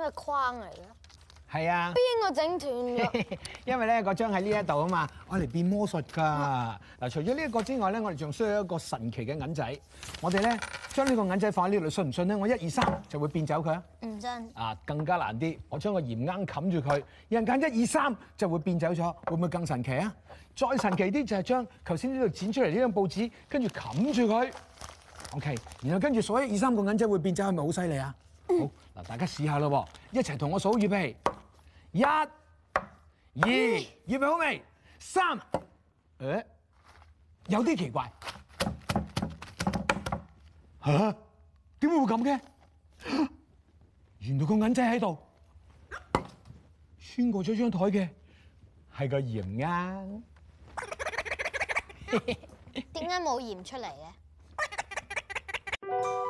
咩框嚟嘅，係啊， 啊。邊個整斷嘅？因為咧，我張喺呢一度啊嘛，我嚟變魔術噶。嗱，除咗呢個之外咧，我哋仲需要一個神奇嘅銀仔。我哋咧將呢將個銀仔放喺呢度，信唔信咧？我一二三就會變走佢啊！唔、嗯、信。啊，更加難啲，我將個鹽罌冚住佢，有人揀一二三就會變走咗，會唔會更神奇啊？再神奇啲就係將頭先呢度剪出嚟呢張報紙，跟住冚住佢。OK，然後跟住所有二三個銀仔會變走，係咪好犀利啊？好，嗱，大家試下咯，一齊同我數，預備，一、二，預備好未？三，誒、哎，有啲奇怪，吓、啊，點解會咁嘅？原來個銀仔喺度，穿過咗張台嘅，係個鹽啊。點解冇鹽出嚟嘅？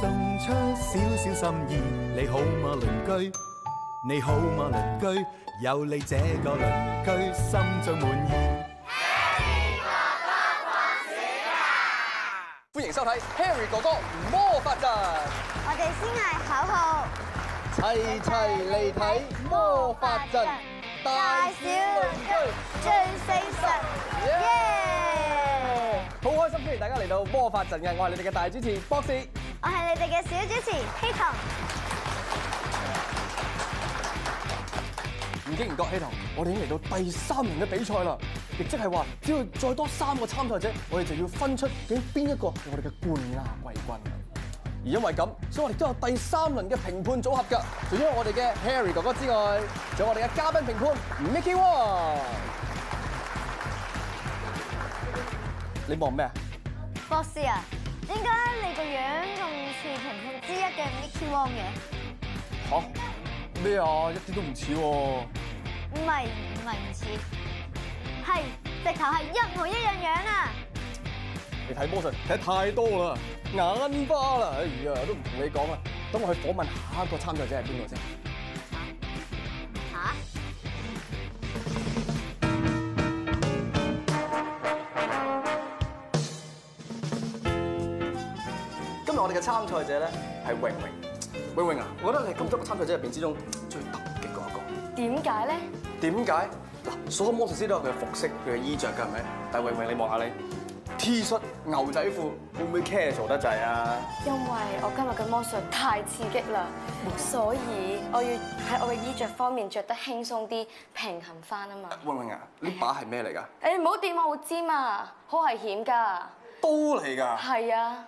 送出少少心意，你好嗎鄰居？你好嗎鄰居？有你這個鄰居，心中滿意。Harry 哥哥博士啊！歡迎收睇 Harry 哥哥魔法陣。我哋先係口號，齊齊嚟睇魔法陣，大小鄰居最四實。耶、yeah! yeah! oh, oh,！好開心，歡迎大家嚟到魔法陣嘅，我係你哋嘅大主持博士。Boxy 我係你哋嘅小主持希棠，唔經唔覺，希棠，我哋已經嚟到第三輪嘅比賽啦，亦即係話，只要再多三個參賽者，我哋就要分出究竟邊一個係我哋嘅冠亞季軍。而因為咁，所以我哋都有第三輪嘅評判組合噶，除咗我哋嘅 Harry 哥哥之外，仲有我哋嘅嘉賓評判，Micky Wong，你望咩？博士啊！點解你個樣咁似評判之一嘅 Micky Wong 嘅？吓咩啊？一啲都唔似喎。唔係唔係唔似，係直頭係一模一樣樣啊你看魔！你睇魔術睇太多啦，眼花啦！哎呀，都唔同你講啊！等我去訪問下一個參賽者係邊個先？我哋嘅參賽者咧係榮榮，榮榮啊！我覺得喺咁多個參賽者入邊之中最特別嘅嗰一個，為什麼呢？點解咧？點解嗱？所有魔術師都有佢嘅服飾、佢嘅衣着㗎，係咪？但係榮榮，你望下你 T 恤、牛仔褲，會唔會 casual 得滯啊？因為我今日嘅魔術太刺激啦，所以我要喺我嘅衣着方面着得輕鬆啲，平衡翻啊嘛。榮榮啊，呢把係咩嚟㗎？誒唔好掂我，好尖啊，好危險㗎。刀嚟㗎。係啊。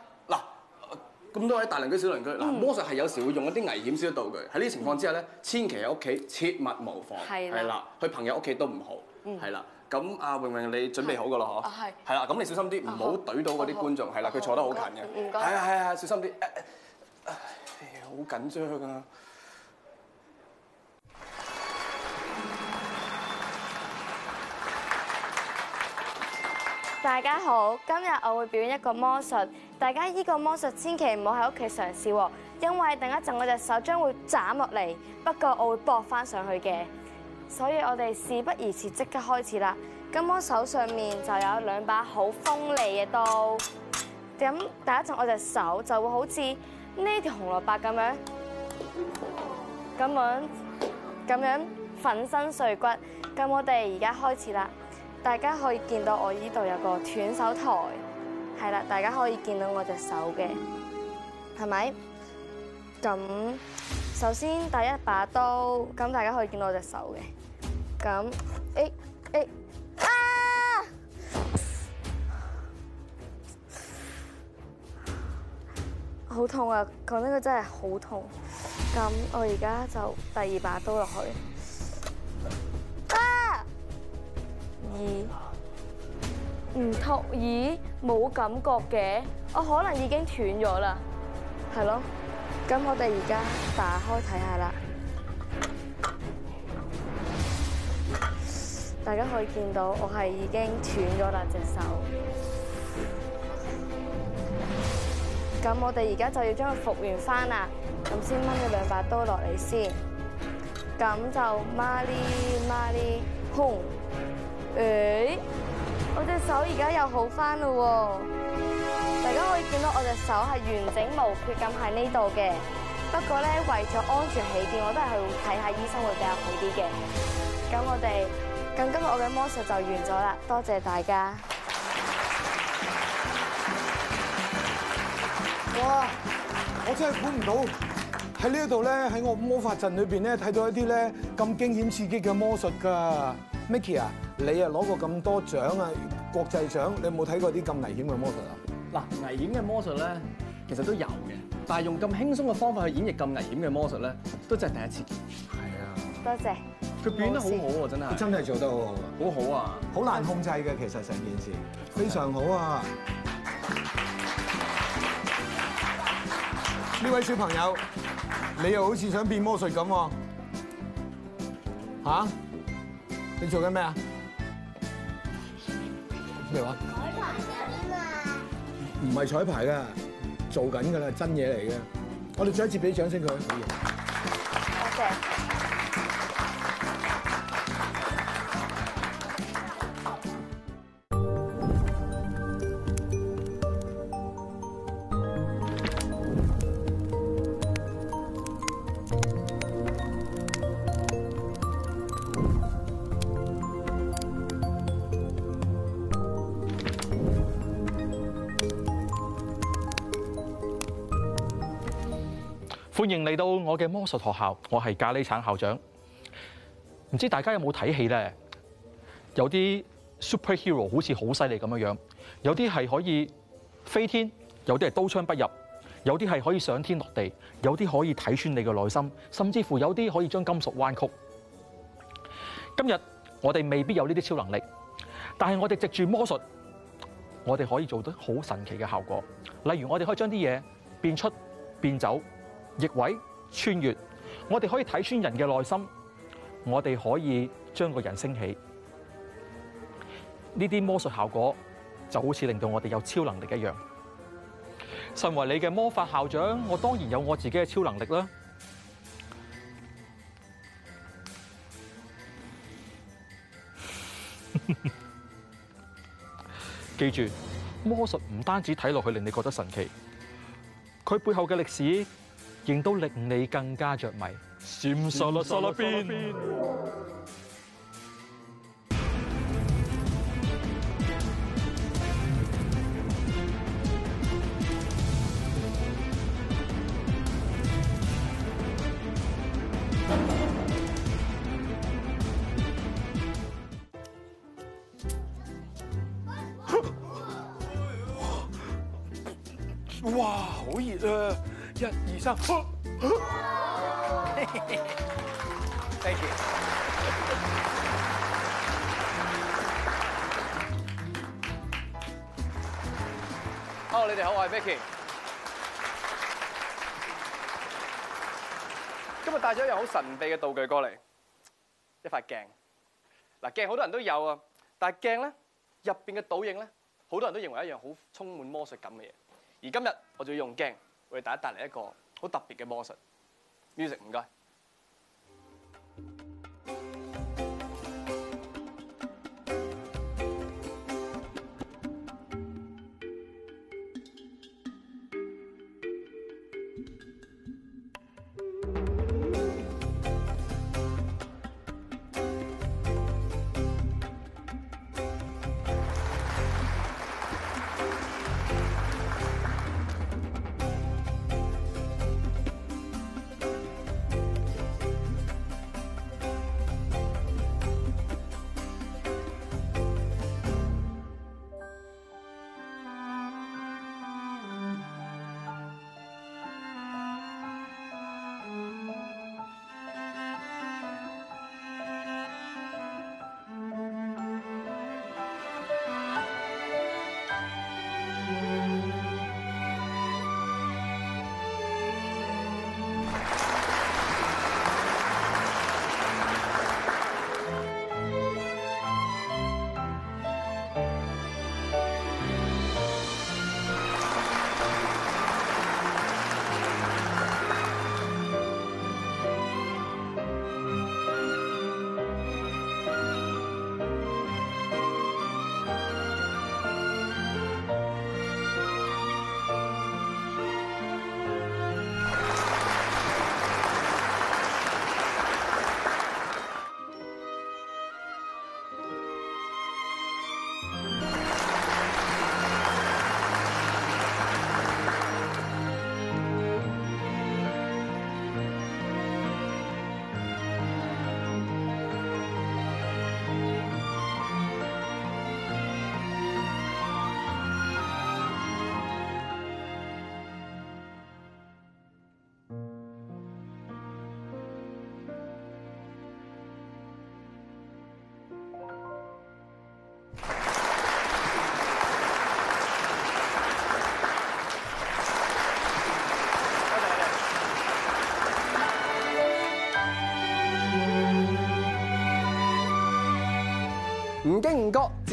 咁多位大鄰居小鄰居，嗱，嗯、魔術係有時會用一啲危險小嘅道具，喺呢啲情況之下咧，嗯、千祈喺屋企切勿模仿，係啦，去朋友屋企都唔好，係、嗯、啦。咁阿榮榮，你準備好噶啦，嗬？係。係啦，咁你小心啲，唔好懟到嗰啲觀眾，係啦，佢坐得近好近嘅。唔該。係啊係啊，小心啲。好緊張㗎、啊！大家好，今日我會表演一個魔術。大家依個魔術千祈唔好喺屋企嘗試，因為等一陣我隻手將會斬落嚟，不過我會駁返上去嘅。所以我哋事不宜遲，即刻開始啦。咁我手上面就有兩把好鋒利嘅刀，咁等一陣我隻手就會好似呢條紅蘿蔔咁樣，咁樣咁樣粉身碎骨。咁我哋而家開始啦，大家可以見到我依度有個斷手台。係啦，大家可以見到我隻手嘅，係咪？咁首先第一把刀，咁大家可以見到我隻手嘅。咁，哎，哎，啊！好痛啊！講呢個真係好痛。咁我而家就第二把刀落去。啊！二。唔托耳冇感覺嘅，我可能已經斷咗啦，係咯。咁我哋而家打開睇下啦。大家可以見到我係已經斷咗啦隻手。咁我哋而家就要將佢復原返啦。咁先掹咗兩把刀落嚟先。咁就 Mary Mary 轟，誒。我隻手而家又好返嘞喎，大家可以見到我隻手係完整無缺咁喺呢度嘅。不過咧，為咗安全起見，我都係會睇下醫生會比較好啲嘅。咁我哋咁今日我嘅魔術就完咗啦，多謝大家。哇！我真係估唔到喺呢度咧，喺我魔法陣裏邊咧，睇到一啲咧咁驚險刺激嘅魔術㗎。Micky 啊，你啊攞過咁多獎啊，國際獎，你有冇睇過啲咁危險嘅魔術啊？嗱，危險嘅魔術咧，其實都有嘅，但係用咁輕鬆嘅方法去演繹咁危險嘅魔術咧，都真係第一次見。係啊，多謝，謝。佢變得好好喎，真係。真係做得好好㗎，好好啊，好難控制嘅其實成件事，非常好啊！呢位小朋友，你又好似想變魔術咁喎，嚇，啊？你做緊咩啊？咩話？彩排啫嘛。唔係彩排㗎，做緊噶啦，真嘢嚟嘅。我哋再一次俾啲掌聲佢。好嘢。多謝，謝。歡迎嚟到我嘅魔術學校，我係咖喱橙校長。唔知大家有冇睇戲咧？有啲 superhero 好似好犀利咁樣，有啲係可以飛天，有啲係刀槍不入，有啲係可以上天落地，有啲可以睇穿你嘅內心，甚至乎有啲可以將金屬彎曲。今日我哋未必有呢啲超能力，但係我哋藉住魔術，我哋可以做得好神奇嘅效果。例如，我哋可以將啲嘢變出變走。逆位穿越，我哋可以睇穿人嘅內心，我哋可以將個人升起。呢啲魔術效果就好似令到我哋有超能力一樣。身為你嘅魔法校長，我當然有我自己嘅超能力啦。 記住，魔術唔單止睇落去令你覺得神奇，佢背後嘅歷史。亦都令你更加着迷。閃沙啦沙啦變！哇！好熱啊！一二三，thank you。Hello，你哋好，我係 Vicky。今日帶咗一樣好神秘嘅道具過嚟，一塊鏡。嗱，鏡好多人都有啊，但係鏡咧，入邊嘅倒影咧，好多人都認為一樣好充滿魔術感嘅嘢。而今日我就要用鏡。為大家帶來一個好特別嘅魔術。music，唔該。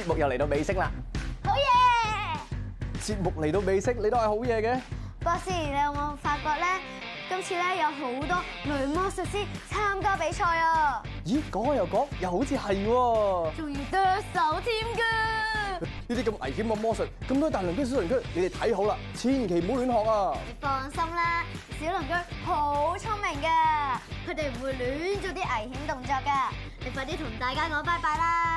節目又嚟到尾聲啦，好嘢！節目嚟到尾聲，你都係好嘢嘅。博士，你有冇發覺咧？今次咧有好多女魔術師參加比賽啊！咦，講開又講，又好似係喎，仲要剁手添噶！呢啲咁危險嘅魔術，咁多大鄰居小鄰居，你哋睇好啦，千祈唔好亂學啊！你放心啦，小鄰居好聰明嘅，佢哋唔會亂做啲危險動作嘅。你快啲同大家講拜拜啦！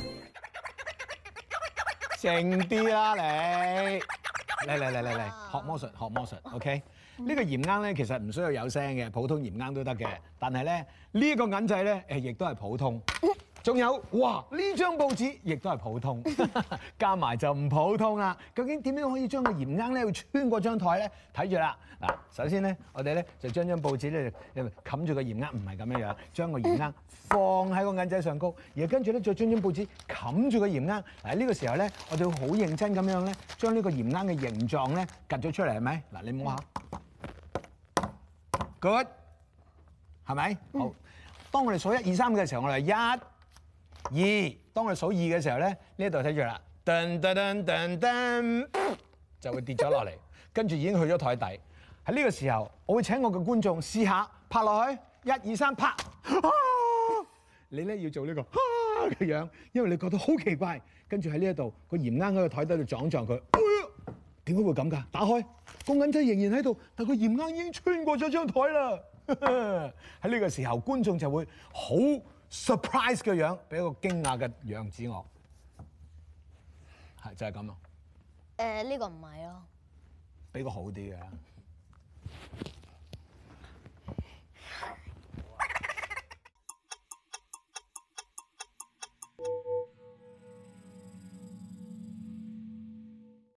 靜啲啦，你嚟嚟嚟嚟嚟，學魔術，學魔術，OK？呢、嗯呢個鹽罌咧，其實唔需要有聲嘅，普通鹽罌都得嘅。但係咧，呢、呢個銀仔咧，誒，亦都係普通。仲有哇！呢張報紙亦都係普通，加埋就唔普通啦。究竟點樣可以將個鹽罌咧，會穿過張枱咧？睇住啦！嗱，首先咧，我哋咧就將張報紙咧冚住個鹽罌，唔係咁樣樣，將個鹽罌放喺個銀仔上高，然後跟住咧再將張報紙冚住個鹽罌。嗱，呢個時候咧，我哋會好認真咁樣咧，將呢個鹽罌嘅形狀咧趌咗出嚟係咪？嗱，你摸下，Good 係咪？好，當我哋數一二三嘅時候，我，我哋一。二，當我數二嘅時候咧，呢一度睇住啦，噔，噔噔噔噔噔，就會跌咗落嚟，跟 住已經去咗台底。喺呢個時候，我會請我嘅觀眾試，試拍下拍落去，一二三，拍，啊、你咧要做呢、呢個嘅、啊、樣，因為你覺得好奇怪。跟住喺呢一度，個鹽罌喺個台底度撞撞佢，點、哎、解會咁㗎？打開，銀仔仍然喺度，但個鹽罌已經穿過咗張台啦。喺呢個時候，觀眾就會好。Surprise 嘅樣子，俾個驚訝嘅樣子我，係就係咁咯。誒，呃，呢個唔係咯。俾個好啲嘅。